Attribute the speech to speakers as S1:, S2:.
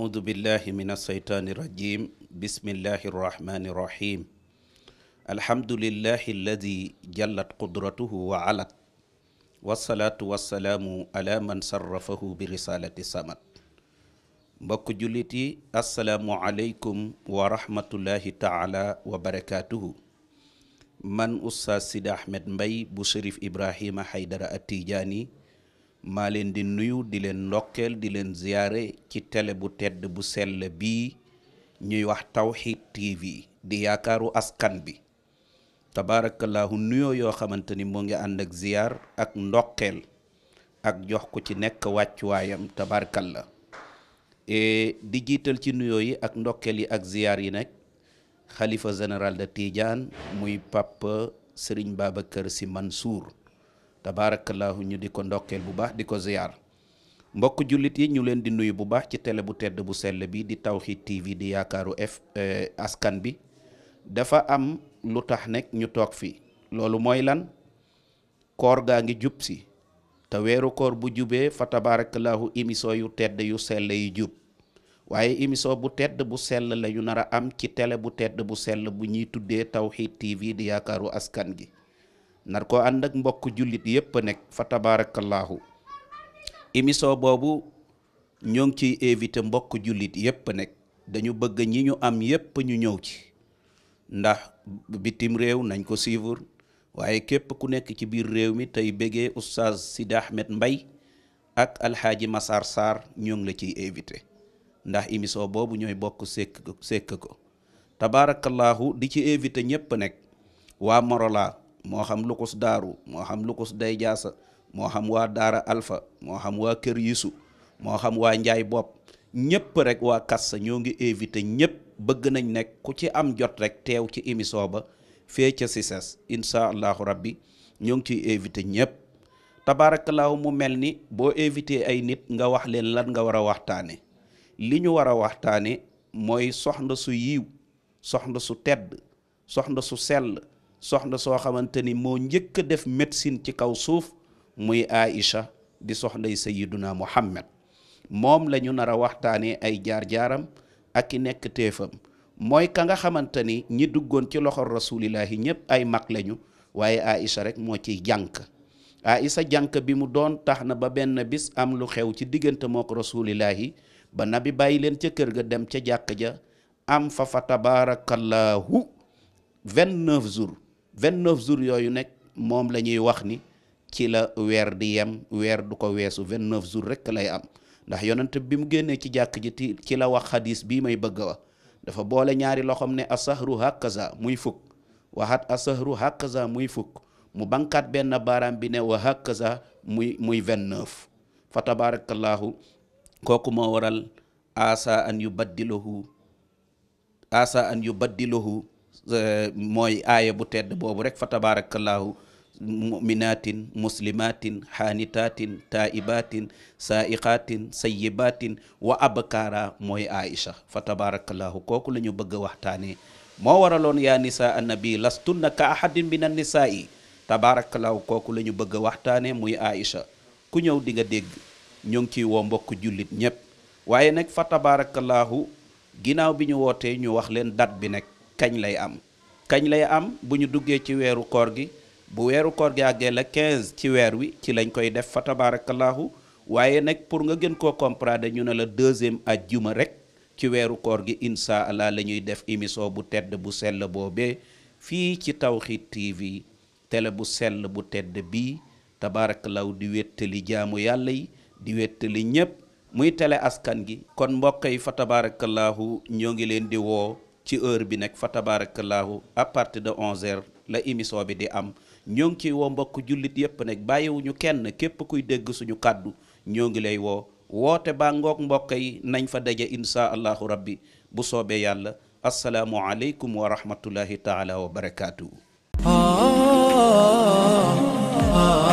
S1: audu billahi min alsheytaani irrajim bismillahi irrahmani irrahim alhamdulillahi alladi jallat qudratuhu wa alat wasalaatu wasalaamu ala man sarrafahu bi risalati samad mbokk jullit yi asalaamu aleykum wa rahmatullahi taala wa barakaatuhu man oustaz sidi ahmed mbay bu shérif ibrahima haydara attijaani maa leen di nuyu di leen ndokkeel di leen ziyaare ci télé bu tedd bu sell bii ñuy wax Tawhid TV di yaakaaru askan bi tabaarakallaahu nuyoo yoo xamante ni moo ngi ànd ak ziyaar ak ndokkeel ak jox ko ci nekk wàccuwaayam tabaarakalla e, di jiital ci nuyoo yi ak ndokkeel yi ak ziyaar yi nag xalifa général de Tidiane muy papa Serigne Babacar Sy Mansour tabaarakallaahu ñu diko ko ndokkeel bu baax di ko ziyaar mbokk jullit yi ñu leen di nuyu bu baax ci télé bu tedd bu sell bi di Tawhid TV di yaakaaru f eh, askan bi dafa am lu tax nekk ñu toog fii loolu mooy lan koor gaa ngi jub si te weeru koor bu jubee fa émission yu tedd yu sell jub waaye émission bu tedd bu sell la nar a am ci télé bu tedd bu sell bu ñuy tuddee Tawhid TV di yaakaaru askan gi nar koo ànd ak mbokk jullit yépp a nekk fa tabaarakallaahu émission boobu ñoo ngi ciy invité mbokk jullit yépp a nekk dañu bëgg ñi ñu am yépp ñu ñëw ci ndax bitim réew nañ ko suivre waaye képp ku nekk ci biir réew mi tey bëggee oustaz Sidi Ahmed Mbaye ak alxaaji Massar Sarr ñoo ngi la ci invité ndax émission boobu ñooy bokk sekk sekk ko tabaarakallaahu di ci invité ñépp nekk waa Morola moo xam lukus daaru moo xam lukus day jaasa moo xam waa daara alpha moo xam waa kër yisu moo xam waa njaay bopp ñëpp rek waa kassa ñoo ngi invité ñëpp bëgg nañ nekk ku ci am jot rek teew ci émission ba fee ca CICES incha allahu rabbi ñoo ngi ciy invité ñëpp tabaarakallaahu mu mel ni boo invité ay nit nga wax leen lan nga war a waxtaane li ñu war a waxtaane mooy soxna su yiw soxna su tedd soxna su sell soxna soo xamante ni moo njëkk a def médecine ci kaw suuf muy Aïcha di soxnay Sayyiduna Muhammad moom lañu ñu nar a waxtaanee ay jaar-jaaram ak i nekk téefam mooy ka nga xamante ni ñi duggoon ci loxol rasulillahi ñëpp ay mag lañu waaye Aïcha rek moo ciy jànk Aïcha jànk bi mu doon tax na ba benn bis am lu xew ci diggante mook rasulillahi ba nabi bàyyi leen ca kër ga dem ca jàkk ja am fa fa tabaarakallaahu jours 29 jours yooyu nekk moom la ñuy wax ni ci la weer di yem weer du ko weesu 29 jours rek lay am ndax yonent bi mu génnee ci jàkk ji ci la wax xadis bii may bëgg a wax dafa boole ñaari loxoom ne asahru hakaza muy fukk waxaat asahru hakaza muy fukk mu bankaat benn baaraam bi ne wa hakaza muy muy 29 fa tabarakallahu kooku moo waral asa an yubaddiluhu asa an yubaddiluhu mooy aaya bu tedd boobu rek fa tabaarakallaahu muminatin muslimatin xaanitaatin taaibatin saaiqatin sayibatin wa abkaara mooy aïcha fa tabaarakallaahu kooku la ñu bëgg a waxtaane moo waraloon yaa nisaa annabi bëgg a waxtaane muy aïcha ku ñëw dinga nga dégg ñu ngi ciy woo mbokk jullit ñépp waaye nag fa tabaarakallaahu ginnaaw bi ñu wootee ñu wax leen date bi nekk kañ lay am kañ lay am bu ñu duggee ci weeru koor gi bu weeru koor gi àggee la 15 ci weer wi ci lañ koy def fa tabaarakallaahu waaye nag pour nga gën koo comprendre ñu ne la deuxième ajjuma rek ci weeru koor gi incha allah la def émission bu tedd bu sell boobee fii ci Tawhid TV tele bu sell bu tedd bi tabaarakallaahu di wéttali jaamu yàlla yi di wéttali ñépp muy tele askan gi kon mbokk yi fa tabaarakallaahu ñoo ngi leen di woo ci heure bi nekk fa tabaarakallaahu à partir de 11h la émission bi di am ñoo ngi ciy woo mbokk jullit yépp nag bàyyiwuñu kenn képp kuy dégg suñu kàddu ñoo ngi lay woo woote baa ngoog mbokk yi nañ fa daje insha allahu rabbi bu soobee yàlla asalaamu aleykum wa rahmatullahi taala wa barakaatu. Ah, ah, ah.